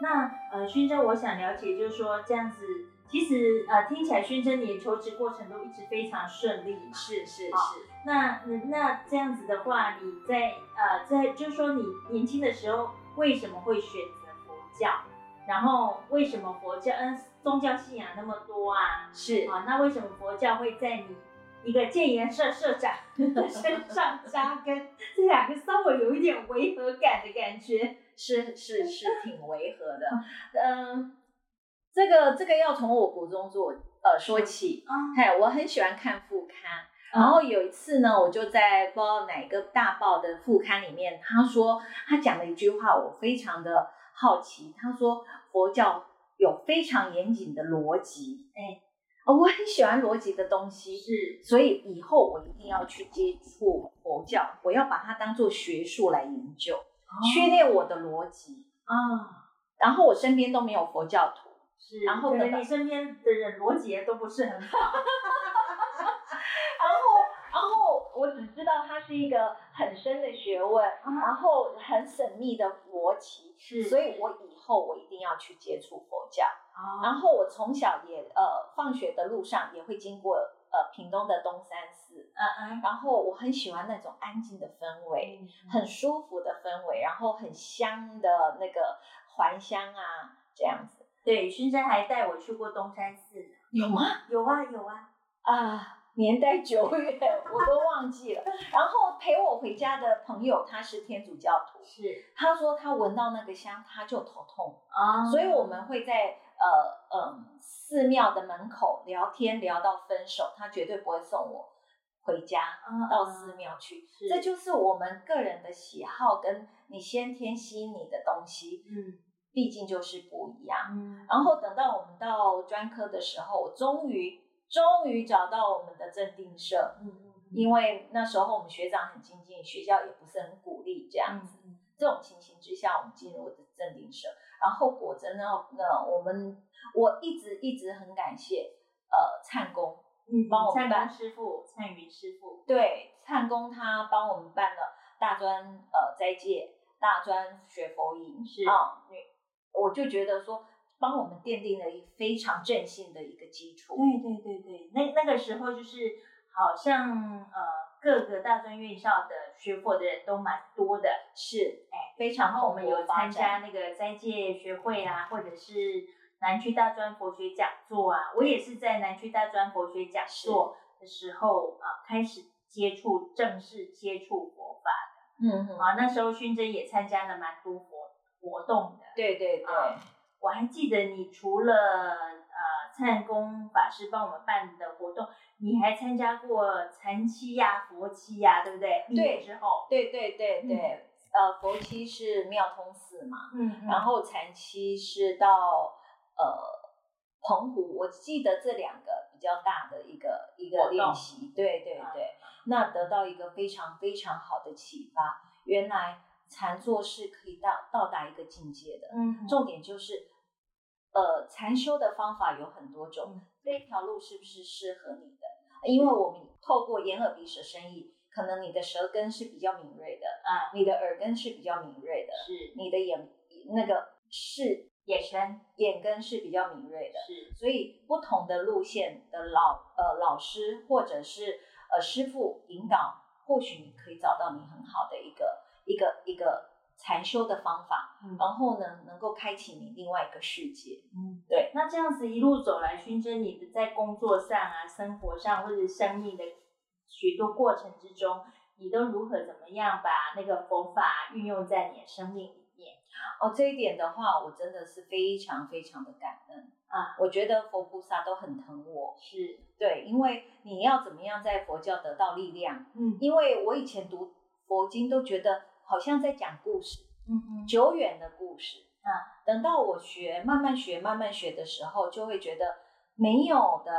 那呃，薰珍，我想了解，就是說這樣子，其實呃，聽起來薰珍，你求職過程都一直非常順利。是是、哦、是。那那這樣子的話，你在呃，在就是說你年輕的時候，為什麼會選擇佛教？然後為什麼佛教嗯宗教信仰那麼多啊？是啊、哦，那為什麼佛教會在你一個建言社社長的身上扎根？ 這兩個稍微有一點違和感的感覺。是是是挺違和的， 嗯，這個這個要從我國中做呃說起，哎、uh，我很喜歡看副刊，uh. 然後有一次呢，我就在不知道哪個大報的副刊裡面，他說他講了一句話，我非常的好奇，他說佛教有非常嚴謹的邏輯，哎、uh. 欸，我很喜歡邏輯的東西，是，所以以後我一定要去接觸佛教，uh. 我要把它當做學術來研究。訓練我的邏輯啊、哦，然後我身邊都沒有佛教徒，是，然後你身邊的人邏輯都不是很好， 然後，然後我只知道它是一個很深的學問，嗯、然後很神秘的佛旗是，所以我以後我一定要去接觸佛教，哦、然後我從小也呃，放學的路上也會經過。呃，屏東的東山寺，嗯嗯，然後我很喜歡那種安靜的氛圍，嗯嗯，很舒服的氛圍，然後很香的那個檀香啊，這樣子。對，薰珍還帶我去過東山寺，有嗎？有啊，有啊，啊，年代久遠，我都忘記了。 然後陪我回家的朋友，他是天主教徒，是，他說他聞到那個香他就頭痛啊、嗯，所以我們會在。呃嗯，寺廟的門口聊天聊到分手，他絕對不會送我回家，嗯嗯到寺廟去，這就是我們個人的喜好跟你先天吸引你的東西，嗯，畢竟就是不一樣。嗯、然後等到我們到專科的時候，我終於終於找到我們的正定社，嗯，嗯嗯，因為那時候我們學長很精進，學校也不是很鼓勵這樣子嗯嗯，這種情形之下，我們進入我的正定社。然後果真呢，那我們我一直一直很感謝呃，懺公，嗯，幫我們辦懺公師父、懺雲師父，對，懺公他幫我們辦了大專呃，齋戒大專學佛營，是啊、哦，你我就覺得說，幫我們奠定了一個非常正信的一個基礎，對對對對，那那個時候就是好像呃。各個大專院校的學佛的人都蠻多的，是，哎，非常。好，我們有參加那個齋戒學會啊、嗯，或者是南區大專佛學講座啊、嗯。我也是在南區大專佛學講座的時候啊，開始接觸，正式接觸佛法的。嗯嗯。啊，那時候薰珍也參加了蠻多活活動的。對對對。啊、我還記得，你除了呃懺公法師幫我們辦的活動。你還參加過禪七呀？啊、佛七呀、啊，對不對？對，嗯、之後對對對對，嗯、呃，佛七是妙通寺嘛，嗯，然後禪七是到呃澎湖，我記得這兩個比較大的一個一個練習，對對對，啊，那得到一個非常非常好的啟發，原來禪坐是可以到到達一個境界的，嗯，重點就是，呃，禪修的方法有很多種，這、嗯、條路是不是適合你？因為我們透過眼、耳、鼻、舌、身意，可能你的舌根是比較敏銳的，啊、uh，你的耳根是比較敏銳的，是，你的眼那個是眼神、眼根是比較敏銳的，是，所以不同的路線的老呃老師或者是呃師傅引導，或許你可以找到你很好的一個一個一個。一個禪修的方法、嗯，然後呢，能夠開啟你另外一個世界。嗯，對。那這樣子一路走來，薰珍，你的在工作上啊、生活上或者生命的許多過程之中，你都如何怎麼樣把那個佛法運用在你的生命裡面？哦，這一點的話，我真的是非常非常的感恩啊！我覺得佛菩薩都很疼我。是，對，因為你要怎麼樣在佛教得到力量？嗯，因為我以前讀佛經都覺得。好像在講故事，嗯嗯，久遠的故事啊、嗯。等到我學，慢慢學，慢慢學的時候，就會覺得沒有的。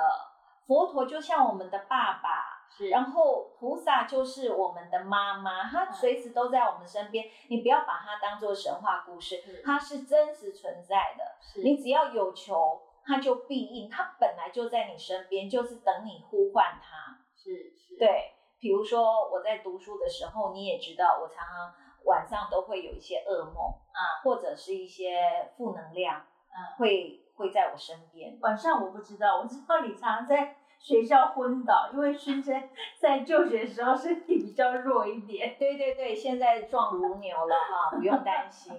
佛陀就像我們的爸爸，是，然後菩薩就是我們的媽媽，他隨時都在我們身邊。嗯、你不要把它當做神話故事，它是真實存在的。是，你只要有求，他就必應。他本來就在你身邊，就是等你呼喚他。是，是，對。比如說我在讀書的時候，你也知道，我常常晚上都會有一些噩夢啊，或者是一些負能量，啊，會會在我身邊。晚上我不知道，我知道你常常在學校昏倒，因為薰珍在，在就學的時候身體比較弱一點。 對對對，現在壯如牛了哈、啊， 不用擔心。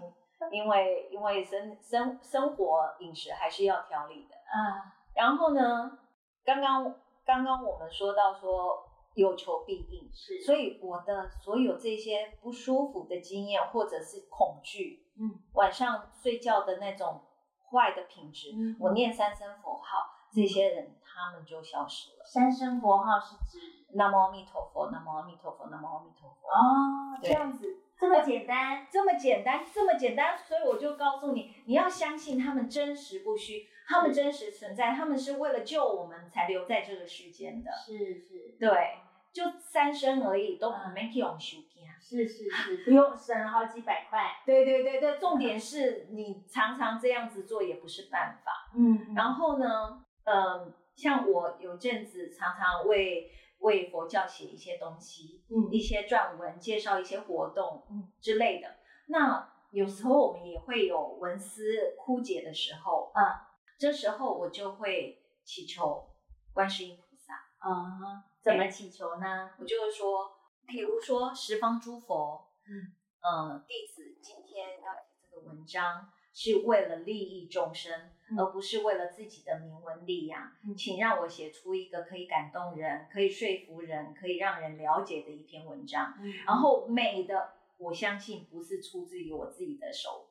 因為因為生生生活飲食還是要調理的啊。然後呢，剛剛剛剛我們說到說。有求必應，是。所以我的所有這些不舒服的經驗，或者是恐懼，嗯，晚上睡覺的那種壞的品質，嗯、我念三聲佛號，這些人、嗯、他們就消失了。三聲佛號是指、嗯、南無阿彌陀佛，南無阿彌陀佛，南無阿彌陀佛。哦，這樣子，這麼簡單， 這麼簡單，這麼簡單。所以我就告訴你，你要相信他們真實不虛。他們真實存在，他們是為了救我們才留在這個世間的。是是，對，就三生而已，嗯、都 make it on 店。是是是， 不用，省了好幾百塊。對對對對，重點是你常常這樣子做也不是辦法。嗯，嗯，然後呢，嗯，像我有陣子常常為為佛教寫一些東西，嗯，一些撰文、介紹一些活動，嗯之類的。那有時候我們也會有文思枯竭的時候，啊、嗯。這時候我就會祈求觀世音菩薩，啊、uh-huh,，怎麼祈求呢？Yeah. 我就是說，比如說十方諸佛，mm. 嗯，呃，弟子今天要寫這個文章，是為了利益眾生，mm. 而不是為了自己的名聞利養，mm. 請讓我寫出一個可以感動人、可以說服人、可以讓人了解的一篇文章。Mm. 然後美的，我相信不是出自於我自己的手。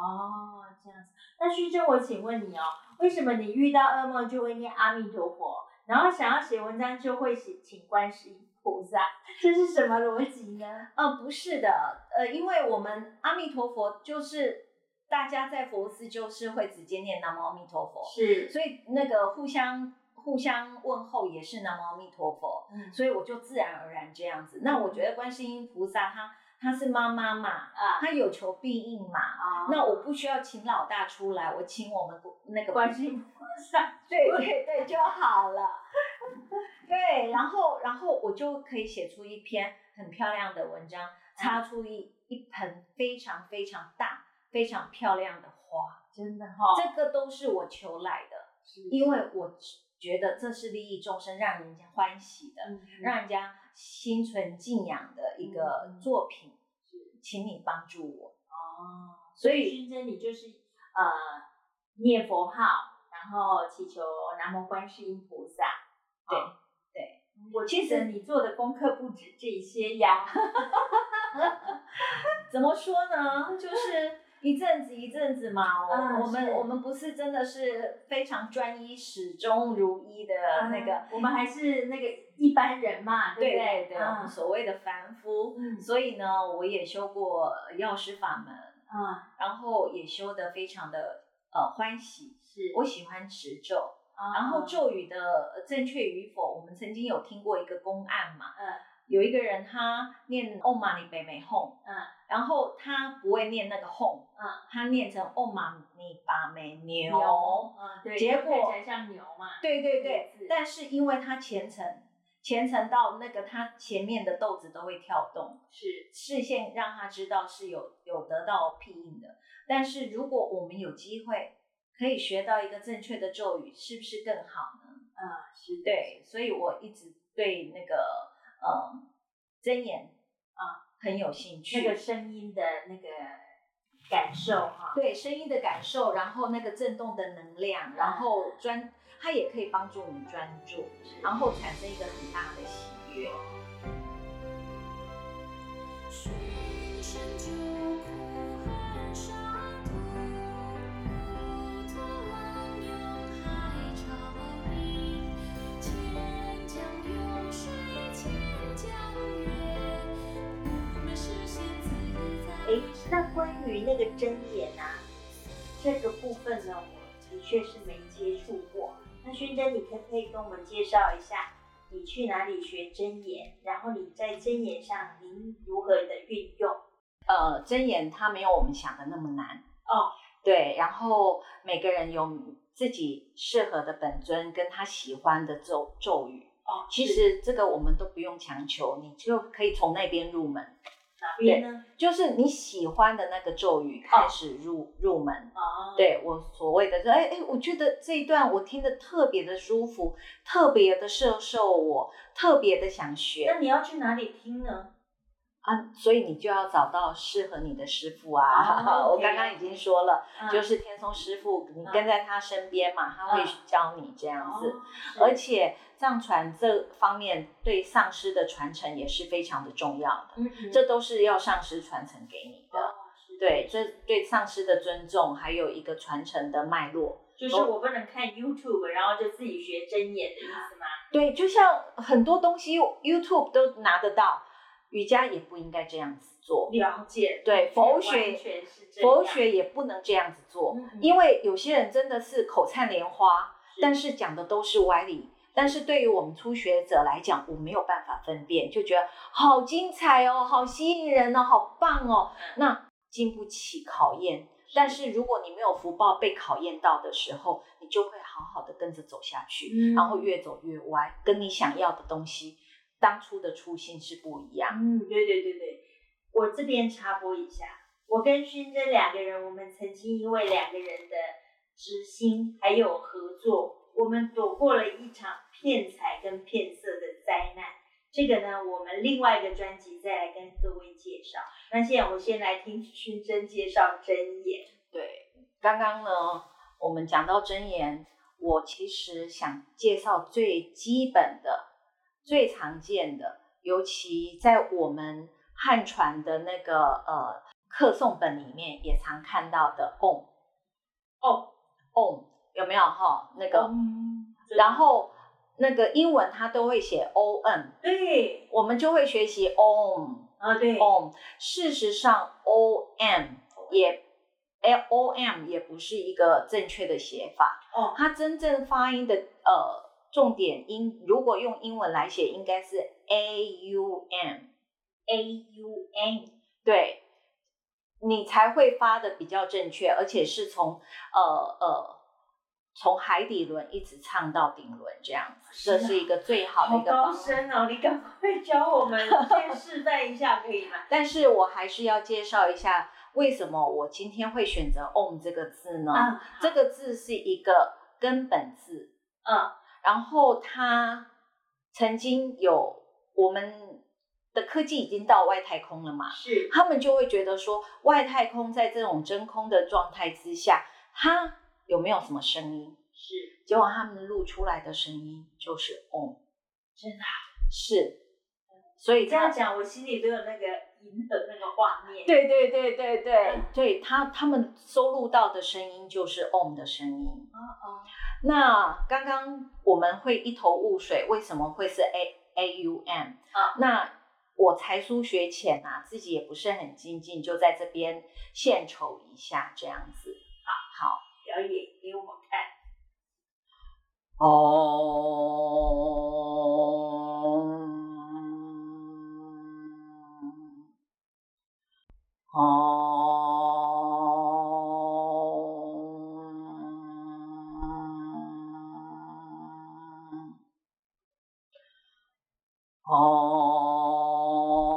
哦，這樣子。那薰珍，我請問你哦，為什麼你遇到噩夢就會念阿彌陀佛，然後想要寫文章就會寫請觀世音菩薩？這是什麼邏輯呢？ 哦，不是的，呃，因為我們阿彌陀佛就是大家在佛寺就是會直接念南無阿彌陀佛，是，所以那個互相互相問候也是南無阿彌陀佛，嗯，所以我就自然而然這樣子。那我覺得觀世音菩薩他。她是媽媽嘛，她、uh, 有求必應嘛，uh, 那我不需要請老大出來，我請我們那個關係上 對， 對對對就好了， 對，然後然後我就可以寫出一篇很漂亮的文章，插出一、uh -huh. 一盆非常非常大、非常漂亮的花，真的哈、哦，這個都是我求來的，是的，因為我。覺得這是利益眾生、讓人家歡喜的、嗯，讓人家心存敬仰的一個作品，嗯，請你幫助我哦。所以，所以你就是呃念佛號，然後祈求南無觀世音菩薩。哦，對對，我確、就是、其實，你做的功課不止這些呀。 怎麼說呢？就是。 一陣子一陣子嘛，嗯、我，我們我們不是真的是非常專一、始終如一的那個，嗯、我們還是那個一般人嘛，嗯、對不對？對，對嗯、我們所謂的凡夫、嗯。所以呢，我也修過藥師法門啊、嗯，然後也修得非常的呃、嗯、歡喜。是我喜歡持咒、嗯，然後咒語的正確與否，我們曾經有聽過一個公案嘛。嗯有一個人，他念嗡瑪尼貝美哄，嗯，uh, 然後他不會念那個哄，嗯，uh, 他念成嗡瑪尼巴美牛，結果，對，看起來像牛嘛，對對對。對，是，但是因為他虔誠，虔誠到那個他前面的豆子都會跳動，是視線讓他知道是有有得到庇蔭的。但是如果我們有機會可以學到一個正確的咒語，是不是更好呢？啊，uh, 是，對，所以我一直對那個。哦、嗯，真言啊，很有興趣。那個聲音的那個感受哈、嗯，對聲音的感受，然後那個震動的能量，然後專，它也可以幫助你專注，然後產生一個很大的喜悅。對於那個真言吶、啊，這個部分呢，我的確是沒接觸過。那薰珍，你可不可以跟我們介紹一下，你去哪裡學真言？然後你在真言上，您如何的運用？呃，真言它沒有我們想的那麼難哦。對，然後每個人有自己適合的本尊跟他喜歡的咒咒語哦。其實這個我們都不用強求，你就可以從那邊入門。哪邊呢？就是你喜歡的那個咒語開始入、oh. 入門。哦，對我所謂的說，哎哎，我覺得這一段我聽得特別的舒服，特別的攝受我，特別的想學。那你要去哪裡聽呢？啊，所以你就要找到適合你的師傅啊！Oh, okay. 我剛剛已經說了，uh, 就是天松師傅，uh, 你跟在他身邊嘛，uh, 他會教你這樣子。Uh, oh, 而且藏傳這方面對上師的傳承也是非常的重要的，mm-hmm. 這都是要上師傳承給你的。Oh, 是的。對，這對上師的尊重，還有一個傳承的脈絡。就是我不能看 YouTube，然後就自己學真言的意思嗎？Uh, 對，就像很多東西 YouTube 都拿得到。瑜伽也不應該這樣子做，了解。對。佛學，佛學也不能這樣子做，嗯嗯，因為有些人真的是口燦蓮花，但是講的都是歪理。但是對於我們初學者來講，我沒有辦法分辨，就覺得好精彩哦，好吸引人哦，啊，好棒哦。嗯、那經不起考驗，但是如果你沒有福報被考驗到的時候，你就會好好的跟着走下去，嗯，然後越走越歪，跟你想要的東西當初的初心是不一樣。嗯，對對對對，我這邊插播一下，我跟薰珍兩個人，我們曾經因為兩個人的知心還有合作，我們躲過了一場騙財跟騙色的災難。這個呢，我們另外一個專輯再來跟各位介紹。那現在我先來聽薰珍介紹真言。對，剛剛呢，我們講到真言，我其實想介紹最基本的。最常見的，尤其在我們漢傳的那個呃課誦本裡面，也常看到的 “OM”，哦，“OM”、oh. 哦、有沒有哈、哦？那個，嗯、然後那個英文它都會寫 “OM”，對，我們就會學習 “OM” 啊、oh,，對、哦、，“OM”。事實上 OM 也 “LOM 也不是一個正確的寫法，哦、oh.，它真正發音的呃。重點音，如果用英文來寫，應該是 AUM, A U M A U M，對，你才會發得比較正確，而且是從呃呃，從海底輪一直唱到頂輪這樣，這是一個最好的一個方式、啊、高深哦。你趕快教我們，先試戴一下可以嗎？ 但是我還是要介紹一下，為什麼我今天會選擇 OM 這個字呢、嗯？這個字是一個根本字，嗯。然後他曾經有我們的科技已經到外太空了嘛？是，他們就會覺得說外太空在這種真空的狀態之下，它有沒有什麼聲音？是，結果他們錄出來的聲音就是嗡，真的是、嗯，所以這樣講，我心裡都有那個音的那個畫面。對對對對對對，嗯、對他他們收錄到的聲音就是嗡的聲音。啊啊。那剛剛我們會一頭霧水，為什麼會是 A A U M 啊？那我才疏學淺啊，自己也不是很精進，就在這邊獻醜一下這樣子啊。好，表演給我看。哦，哦。哦，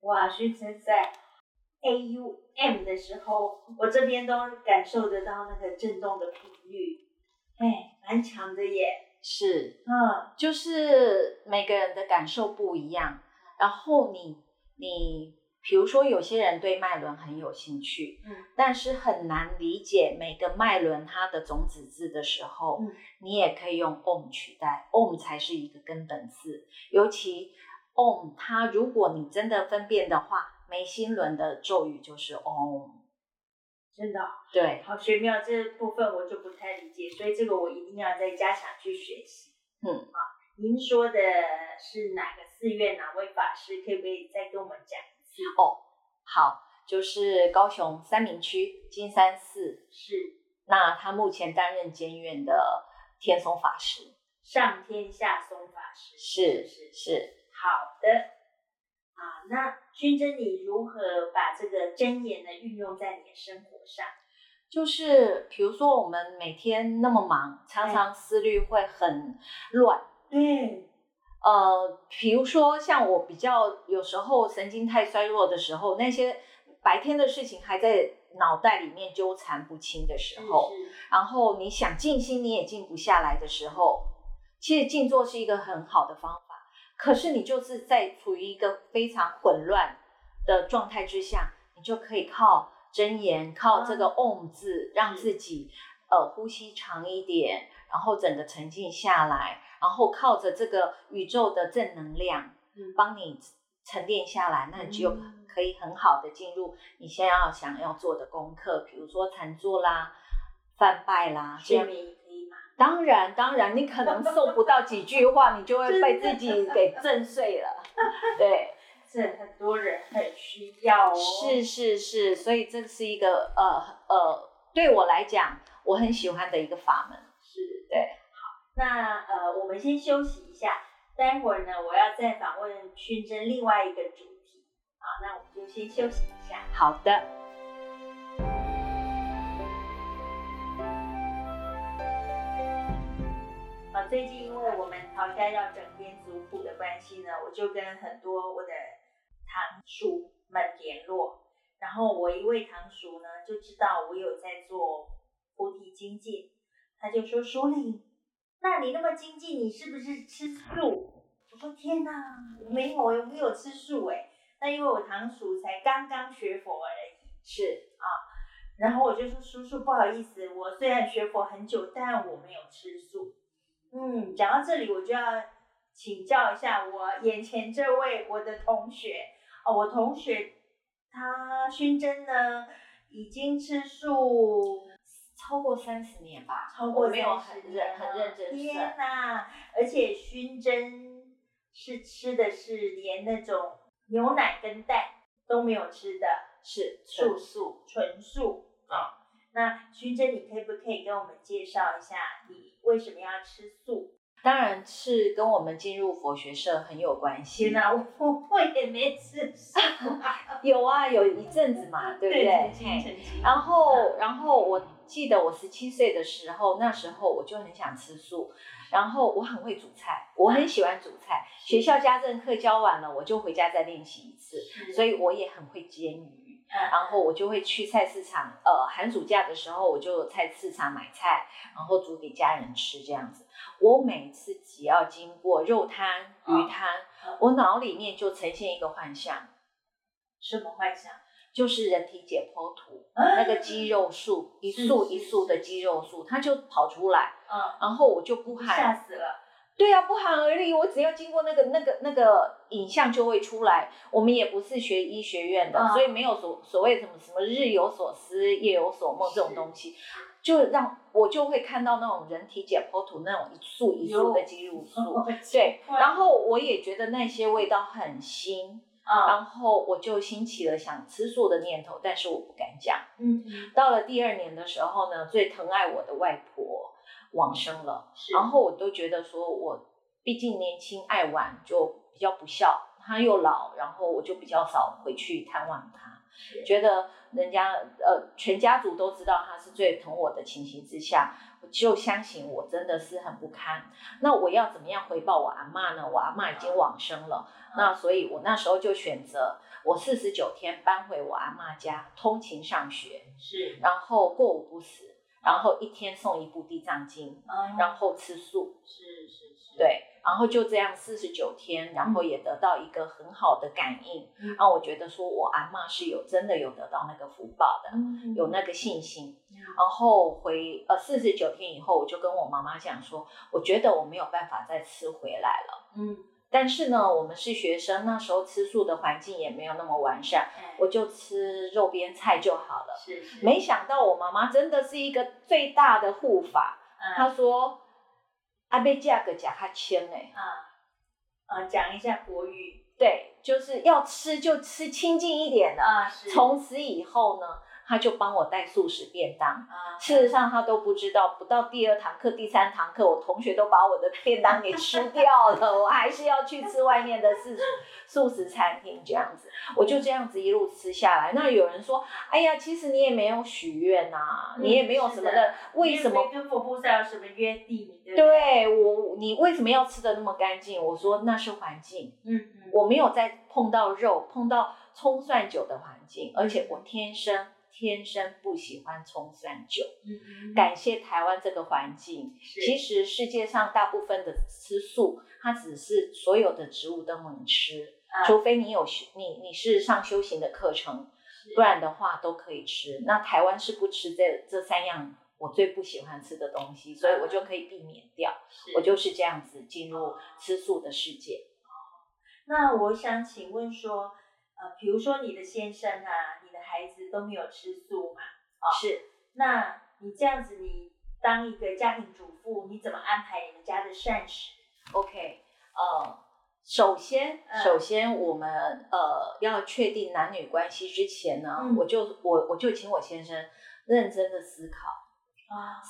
哇！甚至在 A U M 的時候，我這邊都感受得到那個震動的頻率，哎，蠻強的耶。是，嗯，就是每個人的感受不一樣。然後你，你。比如說，有些人對脈輪很有興趣，嗯，但是很難理解每個脈輪它的種子字的時候，嗯，你也可以用 Om 取代，Om 才是一個根本字。尤其 Om，它如果你真的分辨的話，眉心輪的咒語就是 Om，真的。哦，對，好玄妙這部分我就不太理解，所以這個我一定要再加強去學習。嗯，好，您說的是哪個寺院哪位法師？可以不可以再跟我們講？哦，好，就是高雄三民區金山寺，是。那他目前擔任監院的天松法師，上天下松法師，是是是，是。好的，啊，那薰珍，你如何把這個真言呢運用在你的生活上？就是比如說，我們每天那麼忙，常常思慮會很亂、嗯，對。呃，比如說像我比較有時候神經太衰弱的時候，那些白天的事情還在腦袋裡面糾纏不清的時候是是，然後你想靜心你也靜不下來的時候，其實靜坐是一個很好的方法。可是你就是在處於一個非常混亂的狀態之下，你就可以靠真言，靠這個 Om 字，讓自己、嗯。呃、呼吸長一點，然後整個沉靜下來，然後靠着這個宇宙的正能量，幫你沉澱下來，嗯、那你就可以很好的進入你先要想要做的功課，嗯、比如說禪坐啦、梵、嗯、唄啦，這樣當然，當然，你可能受不到幾句話， 你就會被自己給震碎了。對，是很多人很需要哦。是是是，所以這是一個呃呃，對我來講。我很喜歡的一個法門，是對。好，那呃，我們先休息一下，待會兒呢，我要再訪問薰珍另外一個主題。好，那我們就先休息一下。好的。啊，最近因為我們家要整編族譜的關係呢，我就跟很多我的堂叔們聯絡，然後我一位堂叔呢就知道我有在做。菩提精進，他就說：“舒玲，那你那麼精進，你是不是吃素？”嗯、我說：“天哪，我沒有，我沒有吃素誒、欸、那因為我堂叔才剛剛學佛而已。是”是啊，然後我就說：“叔叔，不好意思，我雖然學佛很久，但我沒有吃素。”嗯，講到這裡，我就要請教一下我眼前這位我的同學哦、啊，我同學他薰珍呢已經吃素超過三十年吧，超過沒有很認、哦、很認真。天哪！而且薰珍是吃的是連那種牛奶跟蛋都沒有吃的是素素純素啊、嗯。那薰珍，你可以不可以跟我們介紹一下你為什麼要吃素？當然是跟我們進入佛學社很有關係。天、嗯、哪，我我也沒吃，素。有啊，有一陣子嘛， 對不對，對，對，對，對？然後，嗯、然後我。記得我十七歲的時候，那時候我就很想吃素，然後我很會煮菜，我很喜歡煮菜。學校家政課教完了，我就回家再練習一次，所以我也很會煎魚。然後我就會去菜市場，呃，寒暑假的時候我就菜市場買菜，然後煮給家人吃這樣子。我每次只要經過肉攤、魚攤、哦，我腦裡面就呈現一個幻象，什麼幻想？就是人體解剖圖，啊、那個肌肉束一束一束的肌肉束，是是是，它就跑出來。嗯，然後我就不寒。嚇死了。對啊，不寒而慄。我只要經過那個那個那個影像就會出來。我們也不是學醫學院的，嗯、所以沒有所所謂什麼什麼日有所思、嗯、夜有所夢這種東西，就讓我就會看到那種人體解剖圖那種一束一束的肌肉束。對， 然後我也覺得那些味道很腥。嗯，然後我就興起了想吃素的念頭，但是我不敢講。嗯，到了第二年的時候呢，最疼愛我的外婆往生了，然後我都覺得說我畢竟年輕愛玩，就比較不孝。她又老，嗯，然後我就比較少回去探望她，覺得人家呃全家族都知道她是最疼我的情形之下。就相信我真的是很不堪，那我要怎麼樣回報我阿嬤呢？我阿嬤已經往生了。嗯，那所以我那時候就選擇我四十九天搬回我阿嬤家，通勤上學，是，然後過午不食，然後一天誦一部《地藏經》嗯，然後吃素，是是是，對。然後就這樣四十九天，然後也得到一個很好的感應，讓、嗯啊、我覺得說我阿嬤是有真的有得到那個福報的，嗯、有那個信心。嗯嗯嗯、然後回呃四十九天以後，我就跟我媽媽講說，我覺得我沒有辦法再吃回來了。嗯，但是呢，我們是學生，那時候吃素的環境也沒有那麼完善，嗯、我就吃肉邊菜就好了。是，是，沒想到我媽媽真的是一個最大的護法，嗯、她說。阿貝價格假哈千咧，啊，啊，講一下國語，對，就是要吃就吃清淨一點的，啊，啊，是，從此以後呢。他就幫我帶素食便當，uh -huh. 事實上他都不知道，不到第二堂課，第三堂課，我同學都把我的便當給吃掉了， 我還是要去吃外面的素素食餐廳，這樣子，mm -hmm. 我就這樣子一路吃下來。Mm -hmm. 那有人說：“哎呀，其實你也沒有許願吶，mm -hmm. 你也沒有什麼的，mm -hmm. 為什麼？”跟佛菩薩有什麼約定？對，我你為什麼要吃的那麼乾淨？我說那是環境，嗯嗯，我沒有再碰到肉、碰到蔥蒜酒的環境，mm -hmm. 而且我天生。天生不喜歡蔥蒜酒。嗯、mm -hmm.，感謝台灣這個環境。其實世界上大部分的吃素，它只是所有的植物都能吃，uh, 除非你有你你是上修行的課程，不然的話都可以吃。那台灣是不吃這這三樣我最不喜歡吃的東西，uh, 所以我就可以避免掉。我就是這樣子進入吃素的世界。Uh -huh. 那我想請問說，呃，比如說你的先生啊。孩子都沒有吃素嘛、哦？是。那你這樣子，你當一個家庭主婦，你怎麼安排你們家的膳食？OK，呃，嗯、首先、嗯，首先我們呃要確定男女關係之前呢，嗯、我就我我就請我先生認真的思考，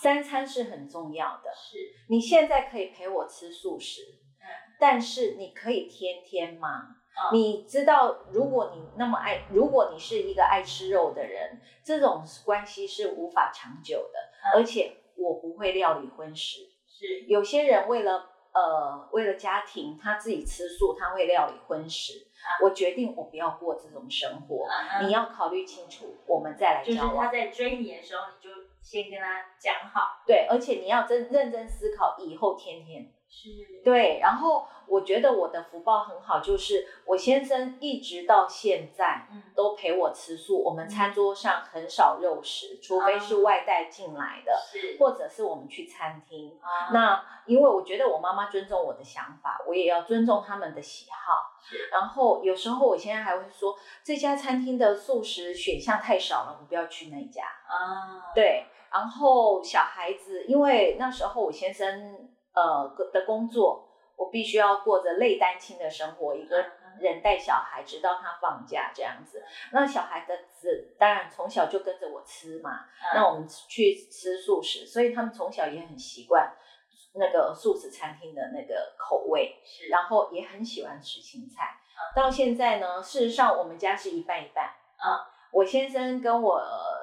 三餐是很重要的。是你現在可以陪我吃素食，嗯、但是你可以天天嗎？Uh -huh. 你知道，如果你那麼愛，uh -huh. 如果你是一個愛吃肉的人，uh -huh. 這種關係是無法長久的。Uh -huh. 而且我不會料理葷食。是，有些人為了呃為了家庭，他自己吃素，他會料理葷食。Uh -huh. 我決定我不要過這種生活。Uh -huh. 你要考慮清楚，我們再來交往。就是他在追你的時候，你就先跟他講好。對，而且你要真認真思考以後天天。對，然後我覺得我的福報很好，就是我先生一直到現在都陪我吃素，嗯、我們餐桌上很少肉食，嗯、除非是外帶進來的，或者是我們去餐廳，嗯。那因為我覺得我媽媽尊重我的想法，我也要尊重他們的喜好。然後有時候我現在還會說，這家餐廳的素食選項太少了，我不要去那一家啊、嗯。對，然後小孩子，因為那時候我先生。呃，的工作，我必須要過着類單親的生活，一個人帶小孩，直到他放假這樣子。嗯、那小孩的子當然從小就跟着我吃嘛、嗯，那我們去吃素食，所以他們從小也很習慣那個素食餐廳的那個口味，是，然後也很喜歡吃青菜。嗯、到現在呢，事實上我們家是一半一半，啊、嗯，我先生跟我。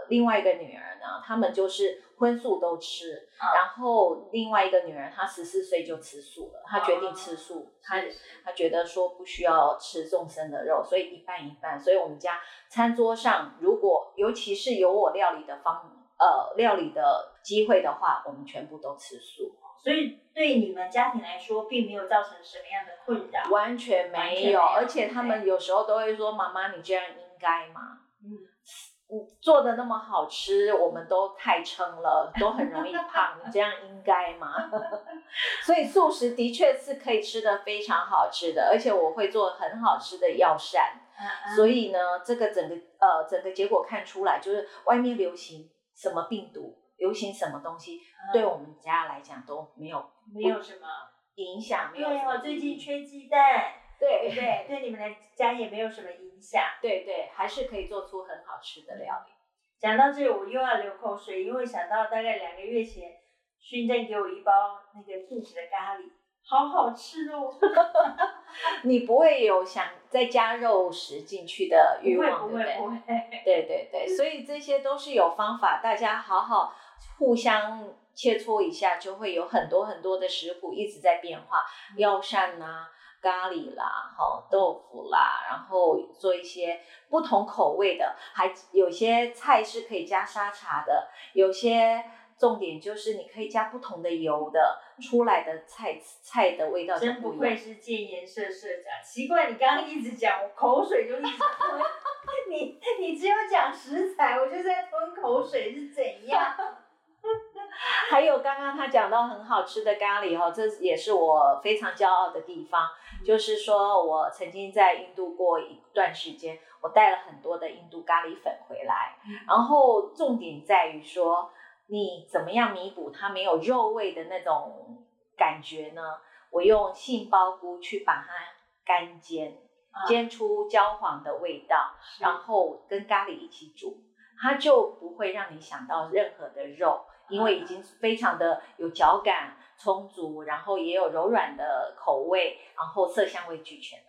另外一個女兒呢、啊，他們就是葷素都吃。Oh. 然後另外一個女兒，她十四歲就吃素了。Oh. 她決定吃素，Oh. 她她覺得說不需要吃眾生的肉，所以一半一半。所以我們家餐桌上，如果尤其是有我料理的方呃料理的機會的話，我們全部都吃素。所以對你們家庭來說，並沒有造成什麼樣的困擾。完全沒有，沒有，而且他們有時候都會說：“媽媽，你這樣應該嗎？”嗯。做的那麼好吃，我們都太撐了，都很容易胖。 你這樣應該嗎？ 所以素食的確是可以吃得非常好吃的，而且我會做很好吃的藥膳。嗯、所以呢，這個整個呃整個結果看出來，就是外面流行什麼病毒，流行什麼東西，嗯、對我們家來講都沒有沒有什麼影響，沒有什麼。我最近缺雞蛋。對對對，對你們來講也沒有什麼影響。對對，還是可以做出很好吃的料理。嗯、講到這，我又要流口水，因為想到大概兩個月前，薰珍給我一包那個素食的咖喱，好好吃哦。 你不會有想再加肉食進去的慾望，對不對？不會，不會，對對對，所以這些都是有方法， 大家好好互相切磋一下，就會有很多很多的食譜一直在變化，藥膳吶。咖喱啦，好豆腐啦，然後做一些不同口味的。還有些菜是可以加沙茶的，有些重點就是你可以加不同的油的，出來的菜菜的味道就不一樣。真不愧是見顏色色長，奇怪，你剛剛一直講，我口水就一直吞。 你你只有講食材，我就在吞口水是怎樣？ 還有剛剛他講到很好吃的咖喱哦，這也是我非常驕傲的地方，嗯。就是說我曾經在印度過一段時間，我帶了很多的印度咖喱粉回來。嗯，然後重點在於說，你怎麼樣彌補它沒有肉味的那種感覺呢？我用杏鮑菇去把它乾煎，煎出焦黃的味道，嗯，然後跟咖喱一起煮，它就不會讓你想到任何的肉。因為已經非常的有嚼感充足，啊，然後也有柔軟的口味，然後色香味俱全的，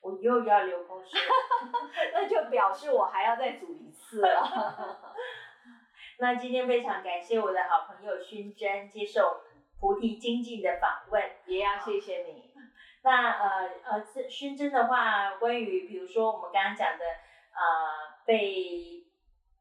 我又要流口水， 那就表示我還要再煮一次了。 那今天非常感謝我的好朋友薰珍接受菩提精進的訪問，也要謝謝你。那呃呃，薰、呃、珍的話，關於比如說我們剛剛講的呃被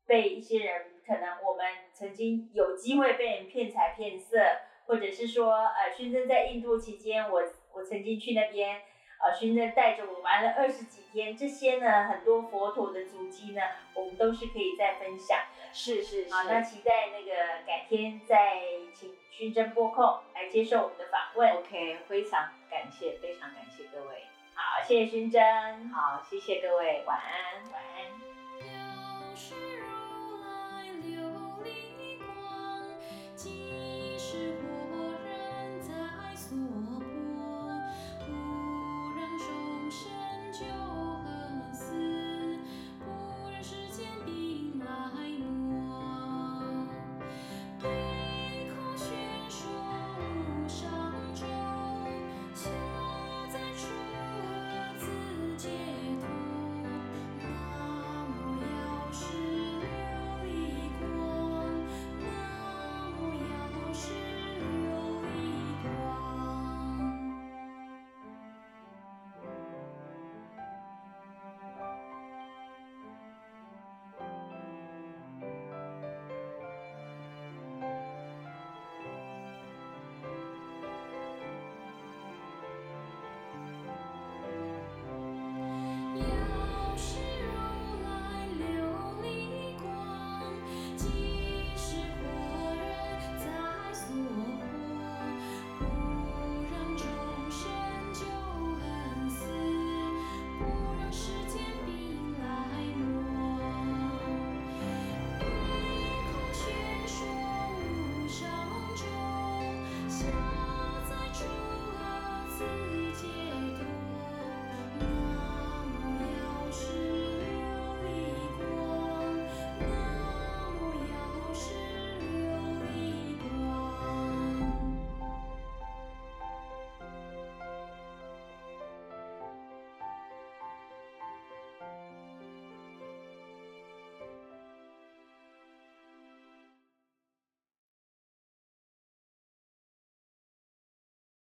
被一些人。可能我們曾經有機會被人騙財騙色，或者是說，呃，薰珍在印度期間，我我曾經去那邊，呃，薰珍帶着我玩了二十幾天，這些呢，很多佛陀的足跡呢，我們都是可以再分享。是是是。好，那期待那個改天再請薰珍播控來接受我們的訪問。OK，非常感謝，非常感謝各位。好，謝謝薰珍。好，謝謝各位，晚安。晚安。